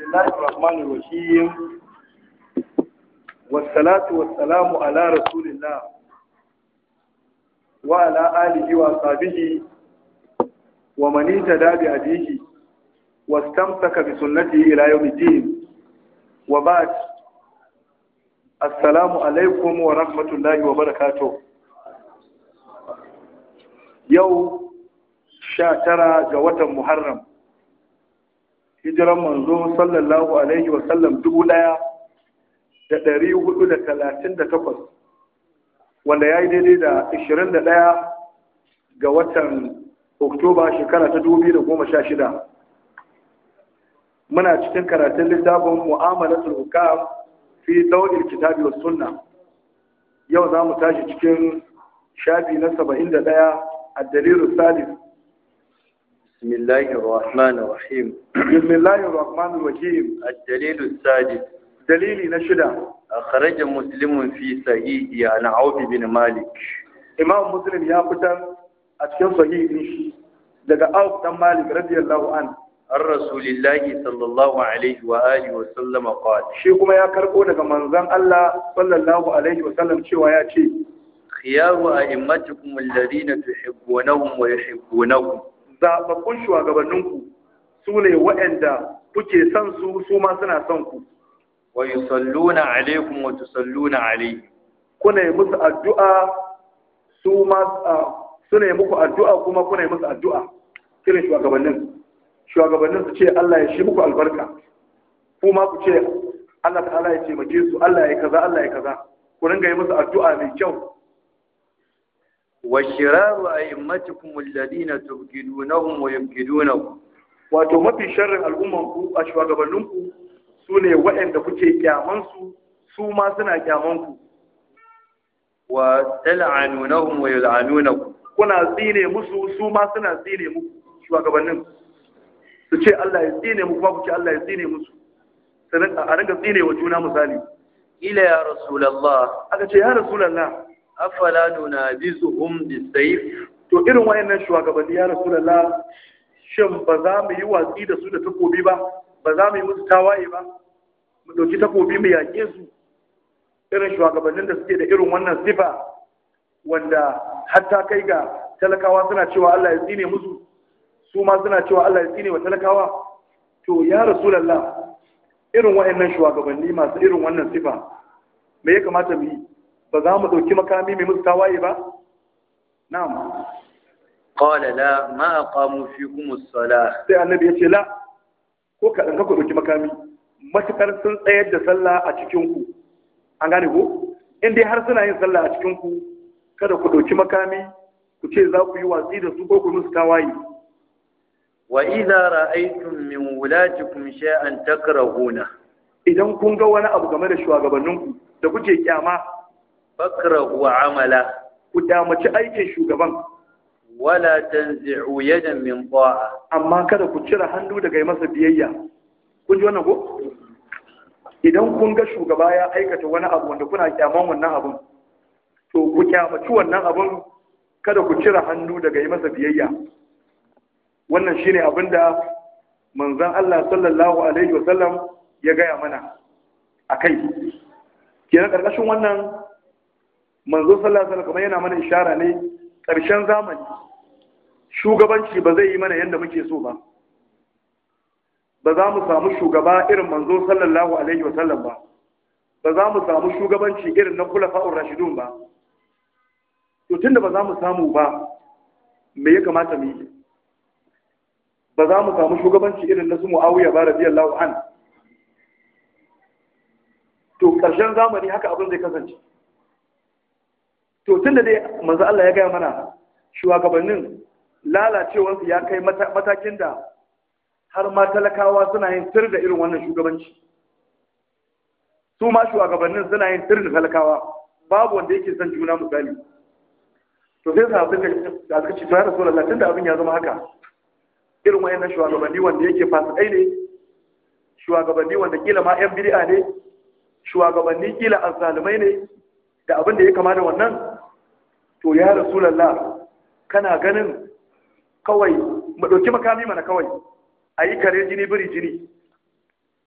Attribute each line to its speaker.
Speaker 1: بسم الله الرحمن الرحيم والصلاة والسلام على رسول الله وعلى آله وصحبه ومن اهتدى بهديه واستمسك بسنته إلى يوم الدين وبعد السلام عليكم ورحمة الله وبركاته يوم شاترا جوة محرم hijiran manzo sallallahu alaihi wasallam dubu ɗaya da ɗari hudu da talatin da takwas wanda ya yi daidai da ashirin da ɗaya ga watan oktoba shekara ta dubu biyu da goma sha shida muna cikin karatun littafin mu'amalatul hukam fi daudil kitabi was sunna yau za mu tashi cikin shafi na saba'in da ɗaya a dalilin
Speaker 2: salis بسم الله الرحمن الرحيم بسم الله الرحمن الرحيم الدليل السادس دليلي نشدة أخرج مسلم في صحيحه عن عوف بن مالك
Speaker 1: إمام مسلم يا فتن أتكلم صحيح daga Auf dan Malik radiyallahu an an
Speaker 2: rasulillahi sallallahu alaihi wa alihi wa
Speaker 1: shi kuma ya karbo daga manzon Allah sallallahu alaihi wa sallam cewa ya ce
Speaker 2: khiyaru a'immatikum alladhina tuhibbunahum
Speaker 1: zaɓaɓɓun shugabanninku su ne wa'anda kuke son su su ma suna son ku
Speaker 2: wa salluna alaikum wa salluna alaihi
Speaker 1: kuna yi musu addu'a su ma suna yi muku addu'a kuma kuna yi musu addu'a kiran shugabannin shugabannin su ce Allah ya shi muku albarka kuma ku ce Allah ta'ala ya ce mace su Allah ya kaza Allah ya kaza ku ringa yi musu addu'a mai kyau
Speaker 2: وشرار أئمتكم الذين تبكدونهم ويبكدونهم wato mafi sharrin al'ummanku a
Speaker 1: shugabanninku su ne waɗanda kuke kyamansu su ma suna kyamanku
Speaker 2: wa tal'anunahum wa yal'anunakum
Speaker 1: kuna tsine musu su ma suna tsine muku shugabannin su ce Allah ya tsine muku kuma ku ce Allah ya tsine musu sanan a ringa tsine wa juna misali
Speaker 2: ila ya rasulullah aka ce ya rasulullah afala nunabizuhum sai.
Speaker 1: to irin wayannan shugabanni ya rasulullah shin ba za mu yi watsi da su da takobi ba ba za mu yi musu tawaye ba mu dauki takobi mu yaƙe su irin shugabannin da suke da irin wannan sifa wanda hatta kai ga talakawa suna cewa Allah ya tsine musu su ma suna cewa Allah ya tsine wa talakawa to ya rasulullah irin wayannan shugabanni masu irin wannan sifa me ya kamata mu yi ba za mu ɗauki makami mai musu tawaye ba
Speaker 2: na'am qala la ma aqamu fikum as-salah sai annabi ya ce la ko kaɗan ka ku ɗauki
Speaker 1: makami matukar sun tsayar da sallah a cikin ku an gane ko in dai har suna yin sallah a cikin ku kada ku ɗauki makami ku ce za ku yi watsi da su ko ku musu tawaye
Speaker 2: wa idza ra'aytum min wulatikum shay'an takrahuna
Speaker 1: idan kun ga wani abu game da shugabanninku
Speaker 2: da kuke kyama fakrahu amala ku damaci aikin shugaban wala tanzi'u yadan min ta'a
Speaker 1: amma kada ku cire hannu daga yi masa biyayya kun ji wannan ko idan kun ga shugaba ya aikata wani abu wanda kuna kyaman wannan abun to ku kyamaci wannan abun kada ku cire hannu daga yi masa biyayya wannan shine abin da manzon Allah sallallahu alaihi wasallam ya gaya mana akai kenan karkashin wannan manzo sallallahu alaihi wasallam kamar yana mana ishara ne ƙarshen zamani shugabanci ba zai yi mana yadda muke so ba ba za mu samu shugaba irin manzo sallallahu alaihi wasallam ba ba za mu samu shugabanci irin na kulafa'ur rashidun ba to tunda ba za mu samu ba me ya kamata mu yi ba za mu samu shugabanci irin na su muawiya ba radiyallahu an to ƙarshen zamani haka abin zai kasance to tun da dai manzo Allah ya gaya mana shugabannin lalacewarsu ya kai matakin da har ma talakawa suna yin tir da irin wannan shugabanci su ma shugabannin suna yin tir da talakawa babu wanda yake son juna misali to sai sa suka ci tare da Allah tunda abin ya zama haka irin wayannan shugabanni wanda yake fasikai ne shugabanni wanda kila ma yan bid'a ne shugabanni kila azzalumai ne da abin da ya kama da wannan to ya rasulallah kana ganin kawai mu ɗauki makami mana kawai ayi kare jini biri jini